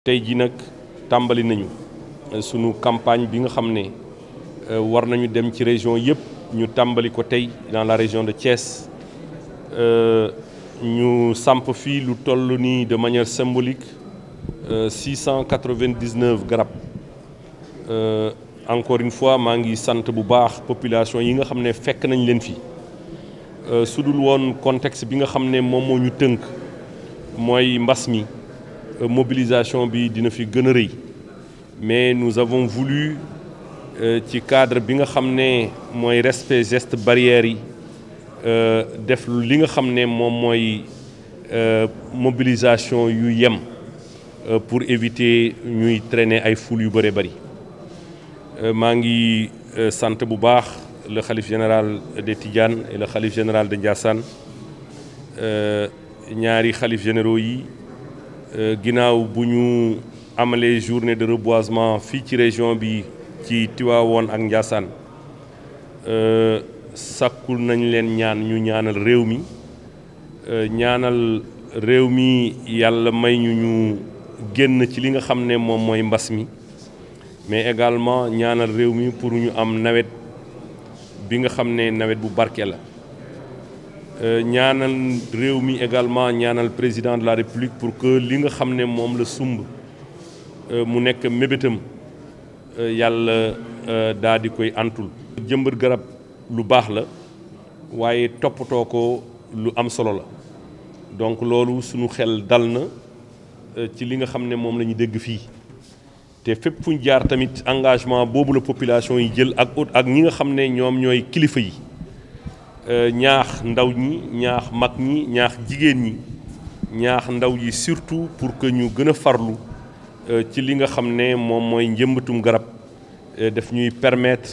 Tayinak jii nag tàmbali nañu euh, suñu campagne bi nga xamné euh, war nañu dem ci région yépp ñu Tambali ko tay dans la région de Thiès euh, ñu samp fi lu tollu ni de manière symbolique 699 euh, encore une fois ma ngi sante bu baax population yi nga xamné fekk nañ leen fi euh sudul woon contexte bi nga xamné mom moom ñu tënk mi. Euh, mobilisation bi dina fi gëna a mais nous avons voulu euh, ci cadre bi nga xamné moy respect geste barrière yi euh, def li nga xamné mom moy euh mobilisation yu yem pour éviter ñuy traîner ay foule yu bari bëri ma ngi bu baax le Khalif général de Tidiane et le Khalif général de Ndiassane ñaari Khalif généraux yi Euh, ginnaaw bu ñu amalee journée de reboisement fii ci région bi ci Tivaouane ak Ndiassane euh, sàkkul nañ leen ñaan ñu ñaanal réew mi euh, ñaanal réew mi yàlla may ñu ñu génn ci li nga xam ne moom mooy mbas mi mais également ñaanal réew mi pour ñu am nawet bi nga xam ne nawet bu barke la Euh, ñaanal réew mi également ñaanal président de la république pour que li nga xam ne moom la sumb euh, mu nekk mébétam euh, yàlla daal di koy antul jëmbat garab lu baax la waaye toppatoo ko lu am solo la donc loolu suñu xel dal na ci li nga xam ne moom la ñu dégg fii te fépp fu ñu jaar tamit engagement boobu la population yi jël ak ak ñi nga xam ne ñoom ñooy kilifa yi Euh, ñaax ndaw ñi ñaax mag ñi ñaax jigéen ñi ñaax ndaw yi surtout pour que ñu gën a farlu euh, ci li nga xam ne moom mooy njëmbatum garab euh, daf ñuy permettre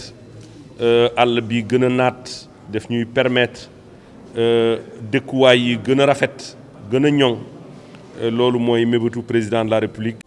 àll bi gën a daf ñuy permettre dëkkuwaay yi gën a rafet gën a ñoŋ loolu mooy président de la république